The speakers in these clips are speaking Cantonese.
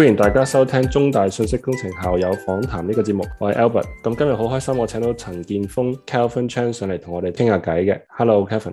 歡迎大家收聽中大信息工程校友訪談呢個節目，我係 Albert。咁今日好開心，我請到陳建豐 Calvin Chan 上嚟同我哋傾下偈嘅。Hello，Calvin。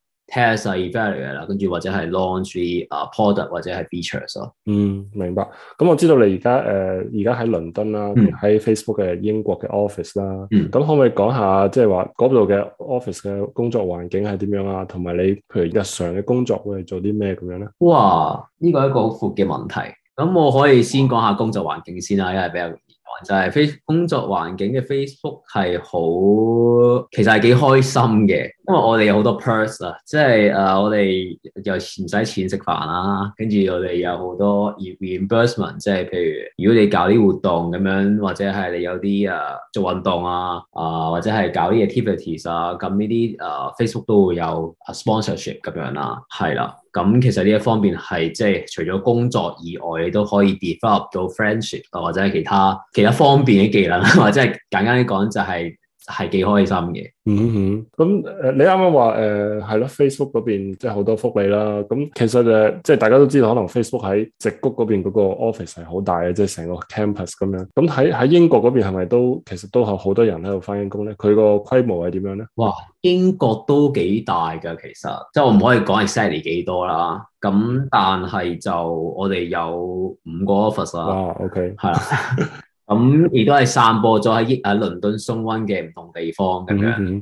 t e s are y 啦，跟住或者係 launch 啲啊 product 或者係 features 咯。嗯，明白。咁我知道你而家誒，而家喺倫敦啦，喺、嗯、Facebook 嘅英國嘅 office 啦、嗯。咁可唔可以講下即係、就、話、是、嗰度嘅 office 嘅工作環境係點樣啊？同埋你譬如日常嘅工作會係做啲咩咁樣咧？哇，呢個係一個好闊嘅問題。咁我可以先講下工作環境先啦，因為比較容易講。就係、是、face 工作環境嘅 Facebook 係好，其實係幾開心嘅。因為我哋有好多 perks 啦，即係誒，我哋又唔使錢食飯啦，跟住我哋有好多 reimbursement，即係譬如如果你搞啲活動咁樣，或者係你有啲誒做運動啊，啊或者係搞啲 activities 啊，咁呢啲誒 Facebook 都會有 sponsorship 咁樣啦，係啦，咁其實呢一方面係即係除咗工作以外，你都可以 develop 到 friendship 啊，或者係其他其他方面嘅技能，或者係簡單啲講就係、是。係幾開心嘅，嗯，嗯哼，咁誒，你啱啱話誒，係咯，Facebook 嗰邊即係好多福利啦。咁其實誒，即係大家都知道，可能 Facebook 喺直谷嗰邊嗰，就是，個 office 係好大嘅，即係成個 campus 咁樣。咁喺喺英國嗰邊係咪都其實都係好多人喺度翻緊工咧？佢個規模係點樣咧？哇，英國都幾大噶，其實即係我唔可以講係 exactly 幾多啦。咁但係就我哋有五個 office 啊。哦，OK，係的。 咁亦、嗯嗯、都係散播咗喺喺倫敦松温嘅唔同地方咁樣，係、嗯嗯、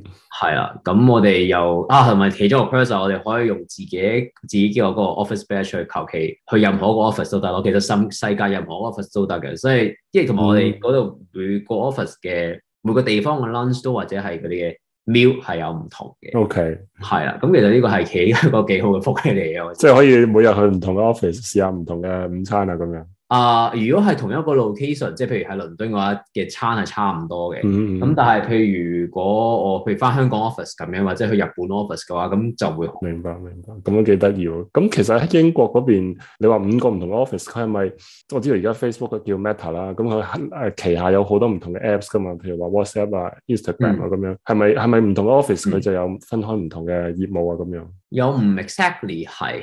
啊。咁我哋又啊，係咪其中一個 perk 我哋可以用自己自己嘅一個 office badge 去求其去任何個 office 都得咯。其實世世界任何 office 都得嘅，所以即係同埋我哋嗰度每個 office 嘅、嗯、每個地方嘅 lunch 都或者係嗰啲嘅 meal 係有唔同嘅。O K. 係啦，咁其實呢個係企一個幾好嘅福利嚟嘅，即係、嗯、可以每日去唔同嘅 office 試下唔同嘅午餐啊咁樣。啊、uh, 嗯嗯，如果係同一個 location，即係譬如喺倫敦嘅話，嘅餐係差唔多嘅。咁但係，譬如如果我譬如返香港 office 咁樣，或者去日本 office 嘅話，咁就會明白明白，咁樣幾得意喎。咁其實喺英國嗰邊，你話五個唔同嘅 office，佢係咪？我知道而家 Facebook 都叫 Meta 啦，咁佢誒旗下有好多唔同嘅 apps 噶嘛，譬如話 WhatsApp 啊、Instagram 啊咁樣，係咪係咪唔同嘅 office 佢就有分開唔同嘅業務啊咁樣？又唔 exactly 係。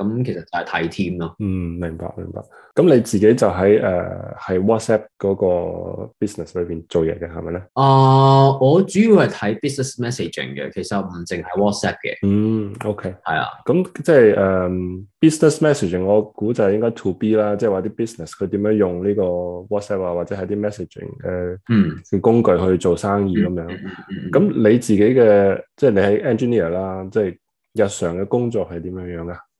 咁其實就係睇 team 咯。嗯，明白明白。咁你自己就喺誒，喺、uh, WhatsApp 嗰個 business 裏邊做嘢嘅係咪咧？啊，uh, 我主要係睇 business messaging 嘅，其實唔淨係 WhatsApp 嘅。嗯、um,，OK，係啊。咁即係誒、uh,，business messaging，我估就係應該 to B 啦，即係話啲 business 佢點樣用呢個 WhatsApp 啊，或者係啲 messaging 誒，嗯，工具去做生意咁樣。咁、嗯嗯嗯嗯、你自己嘅，即係你係 engineer 啦，即係日常嘅工作係點樣樣噶？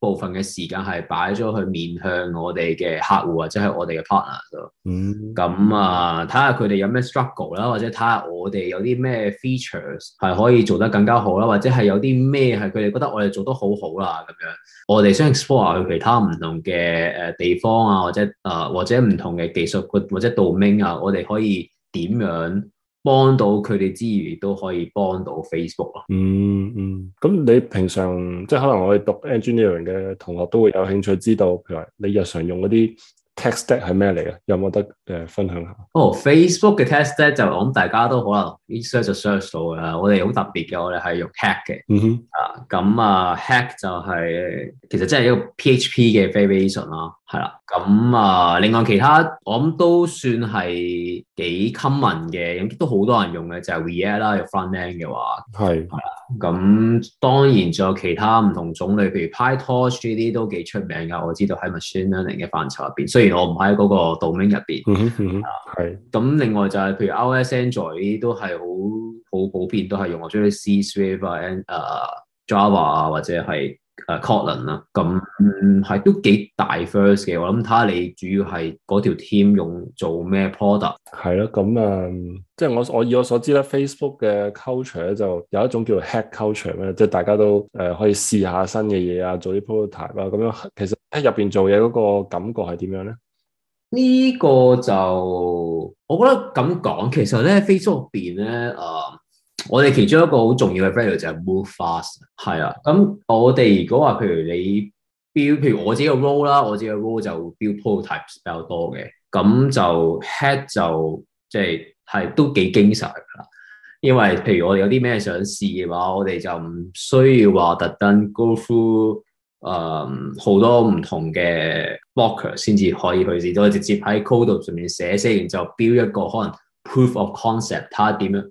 部分嘅時間係擺咗去面向我哋嘅客戶或者係我哋嘅 partner 度，咁啊睇下佢哋有咩 struggle 啦，或者睇下我哋、mm hmm. 有啲咩 features 係可以做得更加好啦，或者係有啲咩係佢哋覺得我哋做得好好啦咁樣，我哋想 explore 去其他唔同嘅誒地方啊，或者誒或者唔同嘅技術或者 domain 啊，我哋可以點樣幫到佢哋之餘，亦都可以幫到 Facebook 咯。嗯嗯，咁你平常即係可能我哋讀 engineering 嘅同學都會有興趣知道，譬如話你日常用嗰啲 tech stack 係咩嚟嘅？有冇得誒分享下？哦，Facebook 嘅 tech stack 就我諗，大家都可能 search 就 search 到噶啦。我哋好特別嘅，我哋係用 hack 嘅。嗯哼。啊，咁啊 hack 就係其實即係一個 PHP 嘅 variation 啊。係啦，咁啊，另外其他我諗都算係幾 common 嘅，都好多人用嘅就係 React 啦，有 frontend 嘅話係係啦，咁當然仲有其他唔同種類，譬如 PyTorch 呢啲都幾出名㗎，我知道喺 machine learning 嘅範疇入邊，雖然我唔喺嗰個 domain 入邊，係咁、嗯嗯嗯啊、另外就係、是、譬如 OS、Android 呢啲都係好好普遍，都係用我中意 C、Swift 啊、Java 啊或者係。誒 culture 啦，咁係、嗯、都幾 diverse 嘅。我諗睇下你主要係嗰條 team 用做咩 product。係咯，咁啊、嗯，即係我我以我所知啦 Facebook 嘅 culture 就有一種叫做 head culture 咧，即係大家都誒、呃、可以試下新嘅嘢啊，做啲 prototype 啊。咁樣其實喺入邊做嘢嗰個感覺係點樣咧？呢個就我覺得咁講，其實咧 Facebook 入邊咧誒。嗯我哋其中一個好重要嘅 value 就係 move fast。係啊，咁我哋如果話譬如你 build 譬如我自己嘅 role 啦，我自己嘅 role 就 build prototype 比較多嘅，咁就 head 就即係係都幾驚神㗎啦。因為譬如我哋有啲咩想試嘅話，我哋就唔需要話特登 go through 誒、um, 好多唔同嘅 blocker 先至可以去試，都可以直接喺 code 度上面寫先，完就後 build 一個可能 proof of concept，他點樣？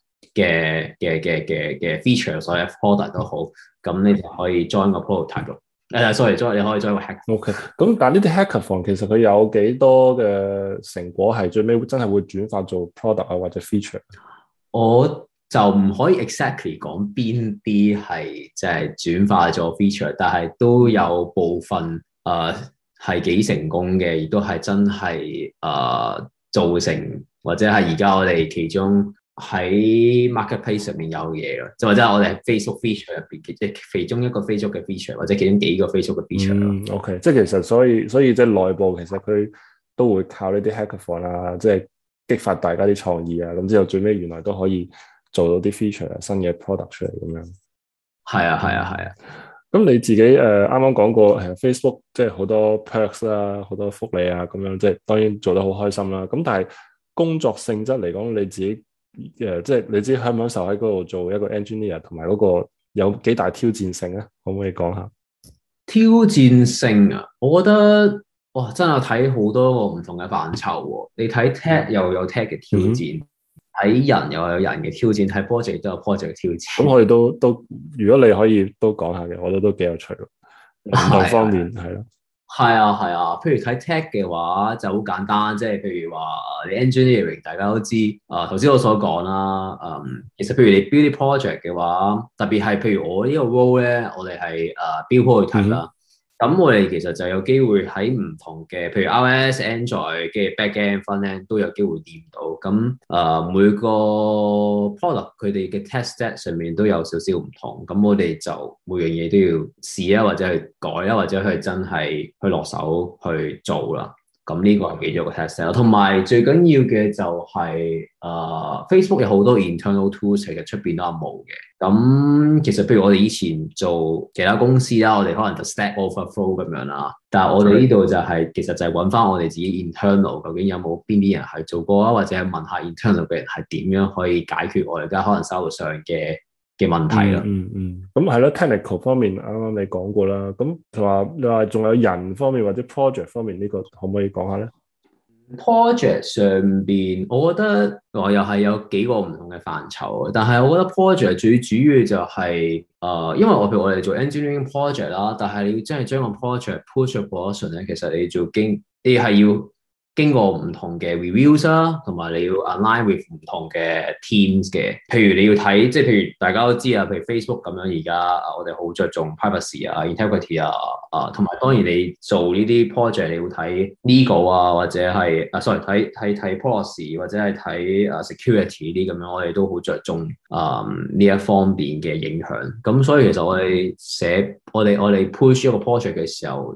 嘅嘅嘅嘅嘅 feature，所以 product 都好，咁你就可以 join 個 product。誒，sorry，join 你可以 join 個 hacker。O.K. 咁但係呢啲 hackathon 其實佢有幾多嘅成果係最尾真係會轉化做 product 啊，或者 feature？我就唔可以 exactly 講邊啲係即係轉化做 feature，但係都有部分誒係幾成功嘅，亦都係真係誒造成或者係而家我哋其中。喺 marketplace 上面有嘢咯，即或者我哋係 Facebook feature 入邊嘅，即係其中一個 Facebook 嘅 feature，或者其中幾個 Facebook 嘅 feature 咯。嗯、o、okay、K，即係其實所以所以即係內部其實佢都會靠呢啲 hackathon 啊，即係激發大家啲創意啊，咁之後最尾原來都可以做到啲 feature 啊，新嘅 product 出嚟咁樣。係啊係啊係啊，咁、啊、你自己誒啱啱講過，係 Facebook 即係好多 perks 啦、啊，好多福利啊，咁樣即係、就是、當然做得好開心啦、啊。咁但係工作性質嚟講，你自己。誒，yeah, 即係你知享唔享受喺嗰度做一個 engineer，同埋嗰個有幾大挑戰性咧？可唔可以講下挑戰性？啊，我覺得哇，真係睇好多個唔同嘅範疇。你睇 tech 又有 tech 嘅挑戰，睇、嗯、人又有人嘅挑戰，睇 project 都有 project 嘅挑戰。咁我哋都都，如果你可以都講下嘅，我覺得都幾有趣。唔同方面係咯。的的係啊係啊，譬如睇 tech 嘅話就好簡單，即係譬如話你 engineering 大家都知啊，頭、呃、先我所講啦，嗯、呃，其實譬如你 build project 嘅話，特別係譬如我個呢個 role 咧，我哋係啊 build 好去睇啦。嗯。咁我哋其實就有機會喺唔同嘅，譬如 iOS、Android 嘅 backend frontend 都有機會掂到。咁，誒每個 product 佢哋嘅 test set 上面都有少少唔同。咁我哋就每樣嘢都要試啊，或者係改啊，或者係真係去落手去做啦。咁呢個係幾咗個 test 同埋最緊要嘅就係、是，誒、呃、Facebook 有好多 internal tools，其實出邊都係冇嘅。咁其實，譬如我哋以前做其他公司啦，我哋可能就 Stack Overflow 咁樣啦，但係我哋呢度就係、是、其實就係揾翻我哋自己 internal 究竟有冇邊啲人係做過啊，或者問下 internal 嘅人係點樣可以解決我哋而家可能生活上嘅嘅問題咯、嗯，嗯嗯，咁係咯，technical 方面啱啱你講過啦，咁同埋你話仲有人方面或者 project 方面呢、呢個可唔可以講下咧？project 上邊，我覺得我又係有幾個唔同嘅範疇，但係我覺得 project 最主要就係、是、啊、呃，因為我譬如我哋做 engineering project 啦，但係你要真係將個 project push person 咧，其實你做經，你係要。經過唔同嘅 reviews 啦，同埋你要 align with 唔同嘅 teams 嘅。譬如你要睇，即係譬如大家都知啊，譬如 Facebook 咁樣而家，我哋好着重 privacy 啊、integrity 啊，啊，同埋當然你做呢啲 project 你要睇 legal 啊，或者係啊，sorry 睇睇睇 policy 或者係睇啊 security 啲咁樣，我哋都好着重啊呢、嗯、一方面嘅影響。咁所以其實我哋寫我哋我哋 push 一個 project 嘅時候。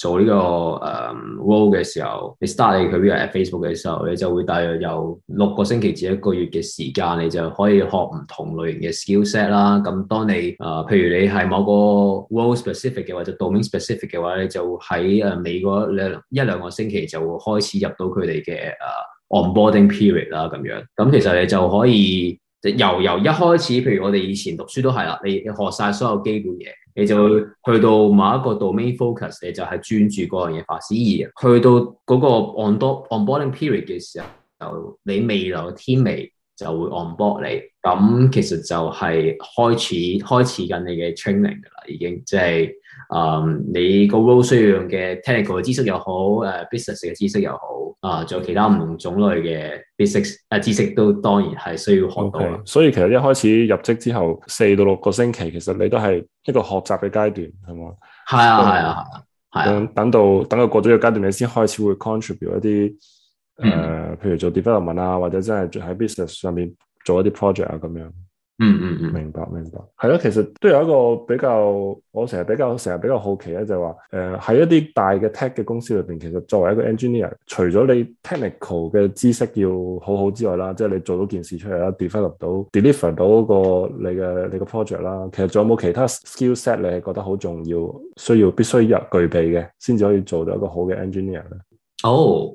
做呢、這個誒、um, role 嘅時候，你 start 你佢喺 Facebook 嘅時候，你就會大約有六個星期至一個月嘅時間，你就可以學唔同類型嘅 skillset 啦。咁當你誒、呃，譬如你係某個 role specific 嘅或者 domain specific 嘅話，你就喺誒尾嗰兩一,一,一兩個星期就會開始入到佢哋嘅誒、uh, onboarding period 啦。咁樣，咁其實你就可以。由由一開始，譬如我哋以前讀書都係啦，你學晒所有基本嘢，你就去到某一個 domain focus，你就係專注嗰樣嘢發展。而去到嗰個 on do onboarding period 嘅時候，就你未來嘅天眉。就會 onboarding，咁其實就係開始開始緊你嘅 training 噶啦，已經即係啊，你個 role 需要用嘅 technical 嘅知識又好，誒 business 嘅知識又好，啊仲、啊、有其他唔同種類嘅 business、啊、知識都當然係需要學到啦。Okay, 所以其實一開始入職之後四到六個星期，其實你都係一個學習嘅階段，係嘛？係啊，係啊，係啊，啊等到等到過咗個階段，你先開始會 contribute 一啲。誒、嗯呃，譬如做 development 啊，或者真係喺 business 上面做一啲 project 啊，咁樣。嗯嗯嗯明，明白明白。係、嗯、咯，其實都有一個比較，我成日比較成日比較好奇咧，就係話誒喺一啲大嘅 tech 嘅公司裏邊，其實作為一個 engineer，除咗你 technical 嘅知識要好好之外啦，即係你做到件事出嚟啦，develop 到 deliver 到嗰個你嘅你嘅 project 啦，其實仲有冇其他 skill set 你係覺得好重要、需要必須入具備嘅，先至可以做到一個好嘅 engineer 咧？哦。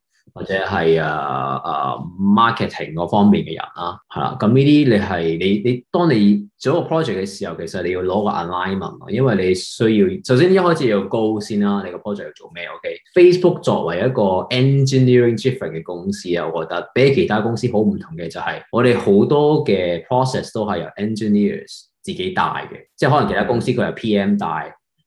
或者係啊啊 marketing 嗰方面嘅人啦、啊，係咁呢啲你係你你當你做一個 project 嘅時候，其實你要攞個 alignment 咯，因為你需要首先一開始要 goal 先啦，你個 project 要做咩？OK，Facebook、okay? 作為一個 engineering driven 嘅公司啊，我覺得比起其他公司好唔同嘅就係我哋好多嘅 process 都係由 engineers 自己帶嘅，即係可能其他公司佢係 PM 帶。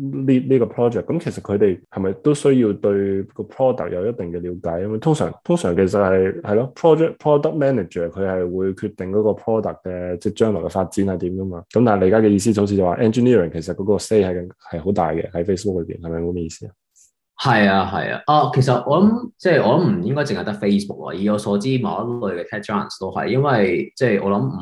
呢呢個 project 咁其實佢哋係咪都需要對個 product 有一定嘅了解啊？因為通常通常其實係係咯，project product manager 佢係會決定嗰個 product 嘅即係將來嘅發展係點噶嘛。咁但係你而家嘅意思就好似就話 engineering 其實嗰個 say 係係好大嘅喺 Facebook 裏邊係咪咁嘅意思啊？係啊係啊，啊其實我諗即係我諗唔應該淨係得 Facebook 啊。以我所知，某一類嘅 tech giants 都係因為即係、就是、我諗唔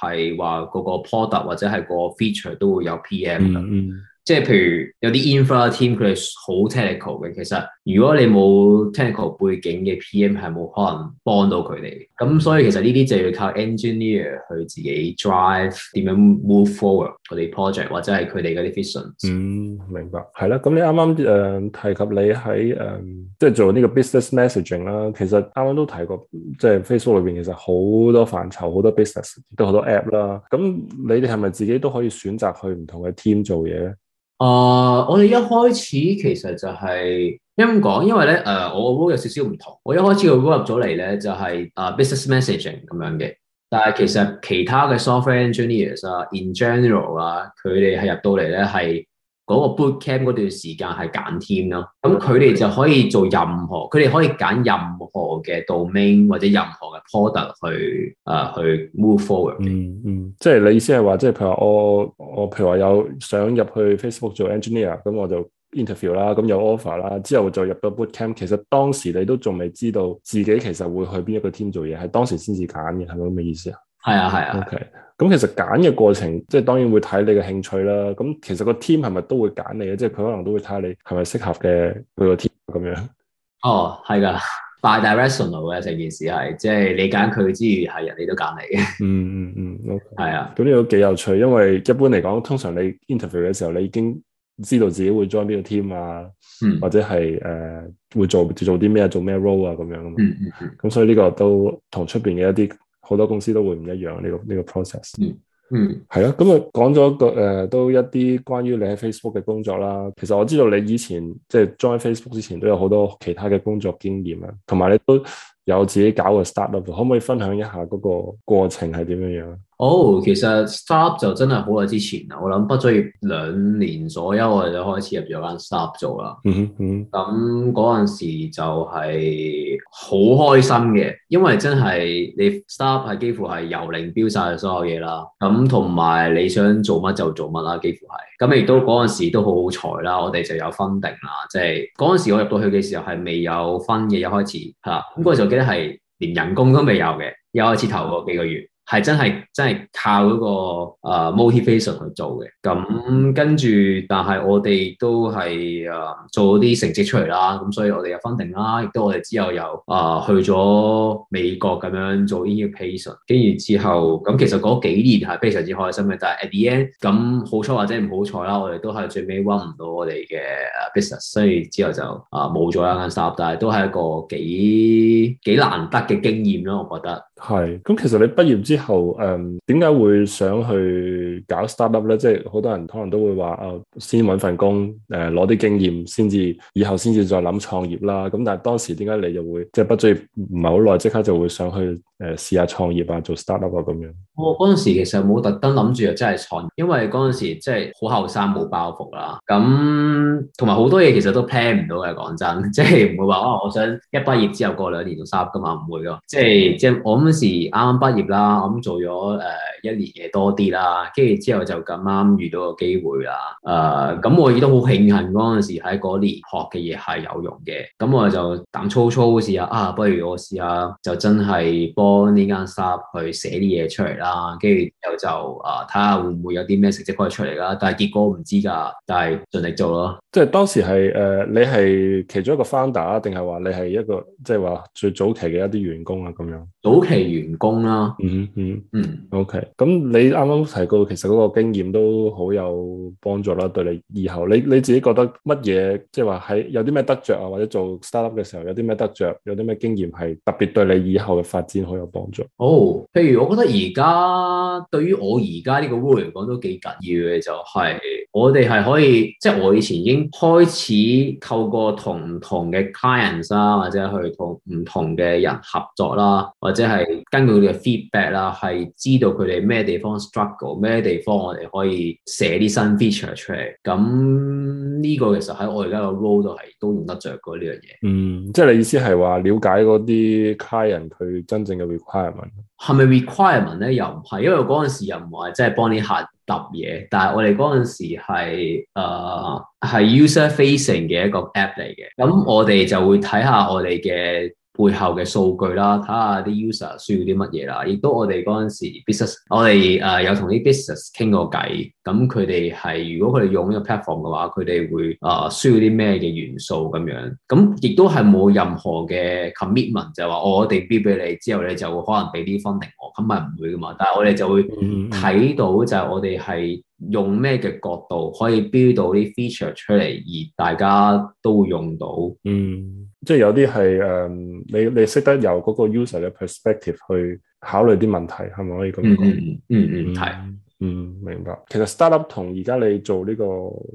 係話嗰個 product 或者係個 feature 都會有 PM 嘅。嗯嗯。即係譬如有啲 infra team 佢哋係好 technical 嘅，其實如果你冇 technical 背景嘅 PM 係冇可能幫到佢哋。咁所以其實呢啲就要靠 engineer 去自己 drive 點樣 move forward 佢哋 project 或者係佢哋嗰啲 vision。嗯，明白。係啦，咁你啱啱誒提及你喺誒即係做呢個 business messaging 啦，其實啱啱都提過，即係 Facebook 裏邊其實好多範疇好多 business 都好多 app 啦。咁你哋係咪自己都可以選擇去唔同嘅 team 做嘢咧？啊！Uh, 我哋一開始其實就係咁講，因為咧，誒、呃，我個 role 有少少唔同。我一開始個 role 入咗嚟咧，就係啊 business messaging 咁樣嘅。但係其實其他嘅 software engineers 啊，in general 啦，佢哋係入到嚟咧係。嗰個 bootcamp 嗰段時間係揀 team 咯，咁佢哋就可以做任何，佢哋可以揀任何嘅 domain 或者任何嘅 product 去啊去 move forward 嗯。嗯嗯，即係你意思係話，即係譬如話我我譬如話有想入去 Facebook 做 engineer，咁我就 interview 啦，咁有 offer 啦，之後就入到 bootcamp。其實當時你都仲未知道自己其實會去邊一個 team 做嘢，係當時先至揀嘅，係咪咁嘅意思啊？係啊係啊。Okay. 咁其實揀嘅過程，即係當然會睇你嘅興趣啦。咁其實個 team 係咪都會揀你啊？即係佢可能都會睇下你係咪適合嘅佢個 team 咁樣。哦，係㗎，bi-directional 嘅成件事係，即係你揀佢之餘係人哋都揀你嘅、嗯。嗯嗯嗯 o 係啊，咁、okay. 呢的個幾有趣，因為一般嚟講，通常你 interview 嘅時候，你已經知道自己會 join 邊個 team 啊，嗯、或者係誒、呃、會做做啲咩、做咩 role 啊咁樣咁、嗯嗯、所以呢個都同出邊嘅一啲。好多公司都會唔一樣呢、這個呢、這個 process。嗯嗯，係、嗯、咯。咁啊講咗個誒、呃，都一啲關於你喺 Facebook 嘅工作啦。其實我知道你以前即係、就、join、是、Facebook 之前都有好多其他嘅工作經驗啊，同埋你都。有自己搞嘅 startup，可唔可以分享一下嗰個過程係點樣樣？哦，oh, 其實 startup 就真係好耐之前啦。我諗畢咗業兩年左右，我哋就開始入咗間 startup 做啦。嗯，咁嗰陣時就係好開心嘅，因為真係你 startup 係幾乎係由零標晒所有嘢啦。咁同埋你想做乜就做乜啦，幾乎係咁，亦都嗰陣時都好好彩啦，我哋就有分定啦。即係嗰陣時我入到去嘅時候係未有分嘅，一開始吓。嗰陣時候即係連人工都未有嘅，有一開始頭嗰幾個月。係真係真係靠嗰、那個、呃、motivation 去做嘅，咁跟住，但係我哋都係啊做啲成績出嚟啦，咁所以我哋又分定啦，亦都我哋之後又啊、呃、去咗美國咁樣做 innovation，in 跟住之後咁其實嗰幾年係非常之開心嘅，但係 at the end 咁好彩或者唔好彩啦，我哋都係最尾 run 唔到我哋嘅 business，所以之後就啊冇咗一間 shop 但係都係一個幾幾難得嘅經驗咯，我覺得係。咁其實你畢業之後。後誒，點、嗯、解會想去搞 startup 咧？即係好多人可能都會話啊、呃，先搵份工誒，攞、呃、啲經驗先至，以後先至再諗創業啦。咁但係當時點解你又會即係、就是、不追，唔係好耐，即刻就會想去誒試下創業啊，做 startup 啊咁樣。我嗰陣時其實冇特登諗住又真係創業，因為嗰陣時即係好後生冇包袱啦。咁同埋好多嘢其實都 plan 唔到嘅，講真，即係唔會話啊、哦，我想一畢業之後過兩年做就 startup 噶嘛，唔會咯。即係即係我嗰陣時啱啱畢業啦。咁做咗誒一年嘢多啲啦，跟住之後就咁啱遇到個機會啦。誒、呃、咁我亦都好慶幸嗰陣時喺嗰年學嘅嘢係有用嘅。咁我就膽粗粗試下啊，不如我試下就真係幫呢間 shop 去寫啲嘢出嚟啦。跟住之後就啊睇下會唔會有啲咩成績可以出嚟啦。但係結果唔知㗎，但係盡力做咯。即係當時係誒、呃、你係其中一個 founder，定係話你係一個即係話最早期嘅一啲員工啊咁樣？早期員工啦，嗯。嗯嗯，OK。咁你啱啱提到，其實嗰個經驗都好有幫助啦，對你以後，你你自己覺得乜嘢，即係話喺有啲咩得着啊，或者做 startup 嘅時候有啲咩得着，有啲咩經驗係特別對你以後嘅發展好有幫助？哦，譬如我覺得而家對於我而家呢個 work 嚟講都幾緊要嘅，就係、是。嗯我哋係可以，即係我以前已經開始透過同唔同嘅 clients 啦，或者去同唔同嘅人合作啦，或者係根據佢哋嘅 feedback 啦，係知道佢哋咩地方 struggle，咩地方我哋可以寫啲新 feature 出嚟，咁。呢個其實喺我而家個 role 度係都用得着過呢樣嘢。嗯，即係你意思係話了解嗰啲客人佢真正嘅 requirement 係咪 requirement 咧？又唔係，因為嗰陣時又唔係即係幫你客揼嘢。但係我哋嗰陣時係誒、呃、user facing 嘅一個 app 嚟嘅。咁我哋就會睇下我哋嘅。背後嘅數據啦，睇下啲 user 需要啲乜嘢啦，亦都我哋嗰陣時 我、uh, business，我哋誒有同啲 business 傾過偈，咁佢哋係如果佢哋用呢個 platform 嘅話，佢哋會誒、uh, 需要啲咩嘅元素咁樣，咁亦都係冇任何嘅 commitment，就係話、哦、我哋 bid 俾你之後，你就會可能俾啲 funding 我，咁咪唔會噶嘛，但係我哋就會睇到就係我哋係。用咩嘅角度可以 build 到啲 feature 出嚟，而大家都會用到。嗯，即係有啲係誒，你你識得由嗰個 user 嘅 perspective 去考慮啲問題，係咪可以咁講、嗯？嗯嗯，係、嗯，嗯明白。其實 startup 同而家你做呢、這個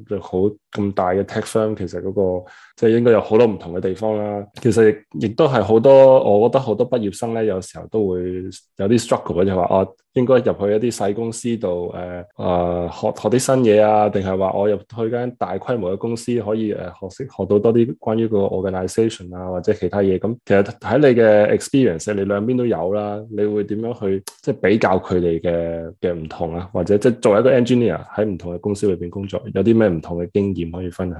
就好咁大嘅 tech firm 其實嗰、那個即係、就是、應該有好多唔同嘅地方啦。其實亦都係好多，我覺得好多畢業生咧，有時候都會有啲 struggle 就話哦。啊應該入去一啲細公司度，誒、呃，啊，學學啲新嘢啊，定係話我入去間大規模嘅公司，可以誒學識學到多啲關於個 organization 啊，或者其他嘢。咁其實喺你嘅 experience，你兩邊都有啦。你會點樣去即係、就是、比較佢哋嘅嘅唔同啊？或者即係作為一個 engineer 喺唔同嘅公司裏邊工作，有啲咩唔同嘅經驗可以分享？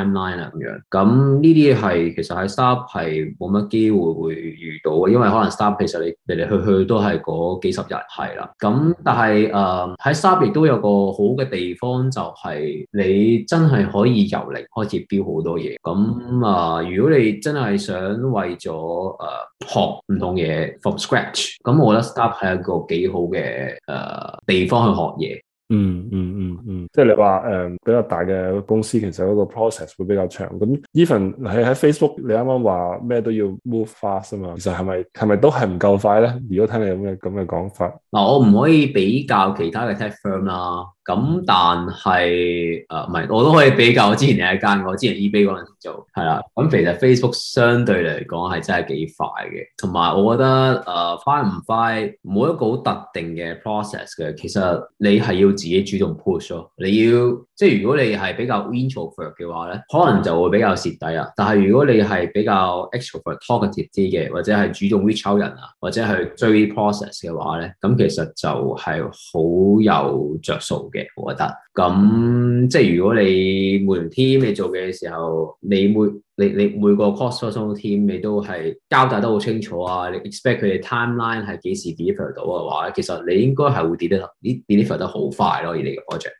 timeline 啊咁樣，咁呢啲係其實喺 startup 係冇乜機會會遇到嘅，因為可能 startup 其實你嚟嚟去去都係嗰幾十日係啦。咁但係誒喺 startup 亦都有個好嘅地方，就係、是、你真係可以由零開始標好多嘢。咁啊、呃，如果你真係想為咗誒、呃、學唔同嘢 from scratch，咁我覺得 startup 係一個幾好嘅誒、呃、地方去學嘢。嗯嗯嗯嗯，嗯嗯嗯即係你話誒、嗯，比較大嘅公司其實嗰個 process 會比較長。咁 even 你喺 Facebook，你啱啱話咩都要 move fast 啊嘛，其實係咪係咪都係唔夠快咧？如果聽你有咩咁嘅講法，嗱、哦，我唔可以比較其他嘅 tech firm 啦。咁、嗯、但係，誒唔係，我都可以比較。我之前有一間，我之前 eBay 嗰陣時做，係啦。咁、嗯嗯嗯、其實 Facebook 相對嚟講係真係幾快嘅，同埋我覺得誒快唔快，冇一個好特定嘅 process 嘅，其實你係要自己主動 push 咯，你要。即係如果你係比較 introvert 嘅話咧，可能就會比較蝕底啊。但係如果你係比較 extrovert、talkative 啲嘅，或者係主動 reach out 人啊，或者係追 process 嘅話咧，咁其實就係好有着數嘅，我覺得。咁即係如果你每 team 你做嘅時候，你每你你每個 cross functional team 你都係交代得好清楚啊，你 expect 佢哋 timeline 係幾時 deliver 到嘅話，其實你應該係會 deliver，deliver 得好快咯，以你嘅 project。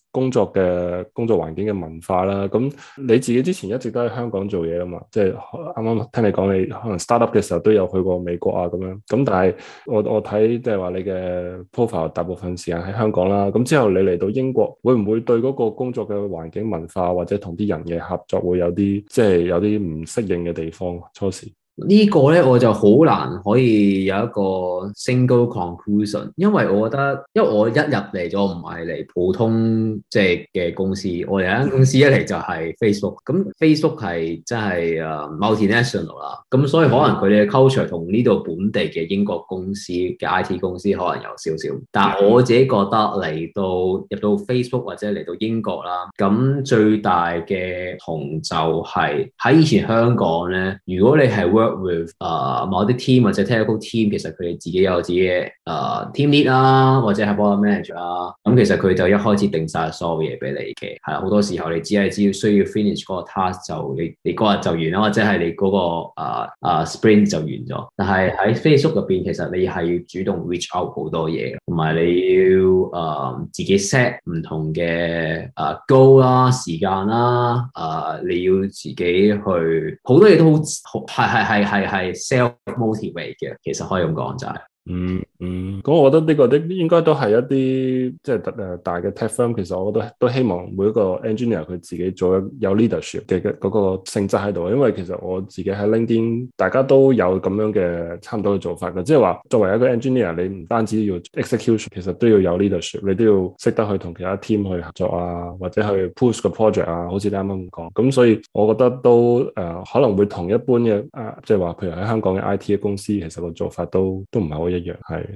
工作嘅工作環境嘅文化啦，咁你自己之前一直都喺香港做嘢啊嘛，即係啱啱聽你講你，你可能 start up 嘅時候都有去過美國啊咁樣，咁但係我我睇即係話你嘅 profile 大部分時間喺香港啦，咁之後你嚟到英國會唔會對嗰個工作嘅環境文化或者同啲人嘅合作會有啲即係有啲唔適應嘅地方初時？個呢個咧我就好難可以有一個 single conclusion，因為我覺得，因為我一入嚟咗唔係嚟普通即係嘅公司，我哋間公司一嚟就係 Facebook，咁 Facebook 係真係誒 multinational 啦，咁、uh, 所以可能佢哋嘅 culture 同呢度本地嘅英國公司嘅 IT 公司可能有少少，但係我自己覺得嚟到入到 Facebook 或者嚟到英國啦，咁最大嘅同就係、是、喺以前香港咧，如果你係會。with 啊、uh, 某啲 team 或者 technical team，其實佢哋自己有自己啊、uh, team lead 啦、啊，或者係 project manager 啦、啊。咁、嗯、其實佢就一開始定晒所有嘢俾你嘅，係好多時候你只係只要需要 finish 嗰個 task 就你你嗰日就完啦，或者係你嗰、那個啊啊、uh, uh, sprint 就完咗。但係喺 Facebook 入邊其實你係要主動 reach out 好多嘢，同埋你要啊、um, 自己 set 唔同嘅啊 goal 啦、uh, goal, 時間啦，啊、uh, 你要自己去好多嘢都好係係。係係係 self motivate 嘅，其實可以咁講就係。嗯嗯，咁、嗯、我覺得呢個啲應該都係一啲即係誒大嘅 tech firm，其實我覺得都希望每一個 engineer 佢自己做一有 leadership 嘅嗰個性質喺度，因為其實我自己喺 LinkedIn，大家都有咁樣嘅差唔多嘅做法嘅，即係話作為一個 engineer，你唔單止要 execution，其實都要有 leadership，你都要識得去同其他 team 去合作啊，或者去 push 個 project 啊，好似你啱啱咁講，咁所以我覺得都誒、呃、可能會同一般嘅誒即係話譬如喺香港嘅 IT 嘅公司，其實個做法都都唔係好一。係，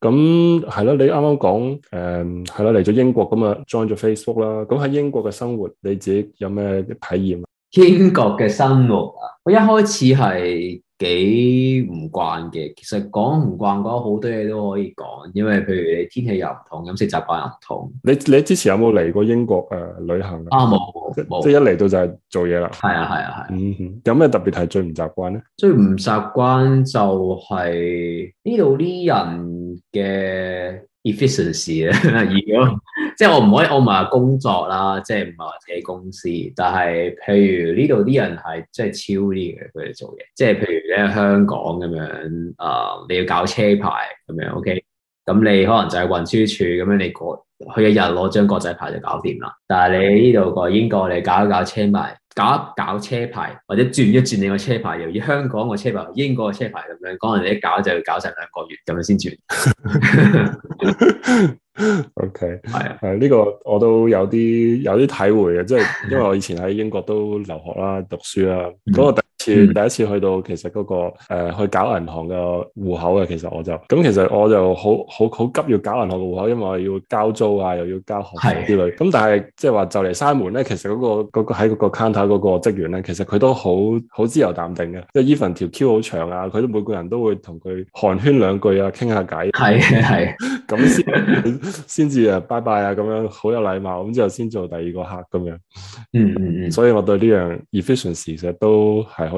咁係啦。你啱啱講，誒，係啦，嚟咗英國咁啊，join 咗 Facebook 啦。咁喺英國嘅生活，你自己有咩體驗啊？英國嘅生活啊，我一開始係。幾唔慣嘅，其實講唔慣，講好多嘢都可以講，因為譬如你天氣又唔同，飲食習慣又唔同。你你之前有冇嚟過英國誒、呃、旅行？啊，冇，冇，即係有一嚟到就係做嘢啦。係啊係啊係。啊嗯，有咩特別係最唔習慣咧？最唔習慣就係呢度啲人嘅 efficiency 啊，而家。即係我唔可以，我唔係話工作啦，即係唔係話自己公司，但係譬如呢度啲人係即係超啲嘅，佢哋做嘢，即係譬如咧香港咁樣，啊、呃、你要搞車牌咁樣，OK，咁你可能就係運輸署咁樣你過。佢一日攞張國際牌就搞掂啦，但係你呢度個英國你搞一搞車牌，搞一搞車牌或者轉一轉你個車牌，由於香港個車牌，英國個車牌咁樣，可能你一搞就要搞成兩個月咁樣先轉。 OK，係啊，係呢個我都有啲有啲體會嘅，即係因為我以前喺英國都留學啦、讀書啦，個、mm。Hmm. 第一次去到，其實嗰個誒去搞銀行嘅戶口嘅，其實我就咁，其實我就好好好急要搞銀行嘅戶口，因為我要交租啊，又要交學費之類。咁但係即係話就嚟閂門咧，其實嗰個喺嗰個 counter 嗰個職員咧，其實佢都好好自由淡定嘅。即係 even 條 queue 好長啊，佢都每個人都會同佢寒暄兩句啊，傾下偈。係係咁先先至啊，拜拜啊，咁樣好有禮貌。咁之後先做第二個客咁樣。嗯嗯嗯，所以我對呢樣 efficiency 其實都係好。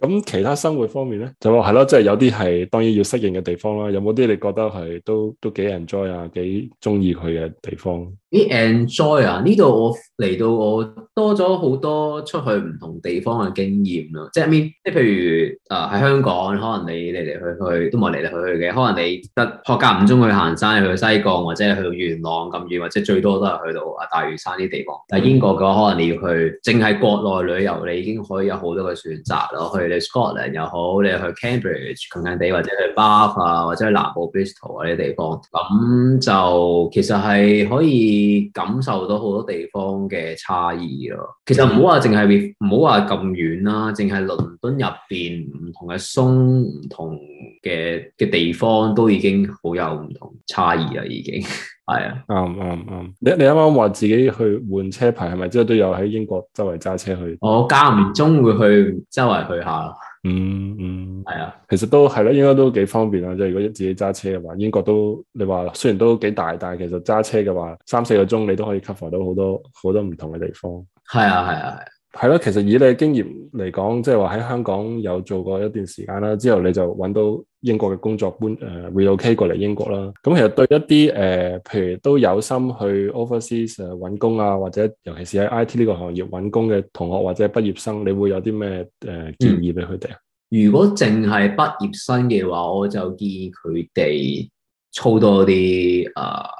咁其他生活方面咧，就話係咯，即係有啲係當然要適應嘅地方啦。有冇啲你覺得係都都幾 enjoy 啊，幾中意佢嘅地方？啲 enjoy 啊，呢度我嚟到我多咗好多出去唔同地方嘅經驗啦。即係 mean 即係譬如啊，喺、呃呃、香港可能你嚟嚟去去都冇嚟嚟去去嘅。可能你得學教唔中去行山，去西貢或者去元朗咁遠，或者最多都係去到啊大嶼山啲地方。嗯、但英國嘅話，可能你要去，淨係國內旅遊，你已經可以有好多嘅選擇咯去。你去 Scotland 又好，你去 Cambridge 近近地，或者去 Bath 啊，或者去南部 Bristol 啊，啲地方，咁就其實係可以感受到好多地方嘅差異咯。其實唔好話淨係，唔好話咁遠啦，淨係倫敦入邊唔同嘅村唔同。嘅嘅地方都已經好有唔同差異啦，已經係啊，啱啱啱。你你啱啱話自己去換車牌，係咪之後都有喺英國周圍揸車去？我、哦、間唔中會去周圍去下，嗯嗯，係啊。其實都係咯，應該都幾方便啊。即係如果自己揸車嘅話，英國都你話雖然都幾大，但係其實揸車嘅話，三四個鐘你都可以 cover 到好多好多唔同嘅地方。係啊，係啊，係。係咯，其實以你嘅經驗嚟講，即係話喺香港有做過一段時間啦，之後你就搵到英國嘅工作搬誒 relocate 過嚟英國啦。咁其實對一啲誒、呃，譬如都有心去 overseas 搵工啊，或者尤其是喺 IT 呢個行業搵工嘅同學或者畢業生，你會有啲咩誒建議俾佢哋啊？如果淨係畢業生嘅話，我就建議佢哋操多啲啊。Uh,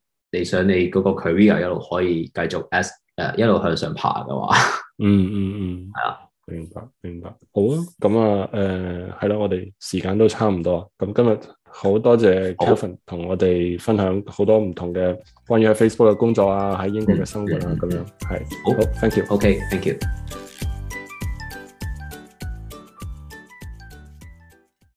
你想你嗰個 career 一路可以繼續 s 誒、uh，一路向上爬嘅話，嗯嗯嗯，係、嗯、啊，嗯、 的明白明白。好啊，咁啊誒係啦，我哋時間都差唔多，咁今日好多謝 Calvin 同好我哋分享好多唔同嘅關於喺 Facebook 嘅工作啊，喺英國嘅生活啊咁、嗯、樣，係、嗯、好，好，thank you，ok，thank you。Okay,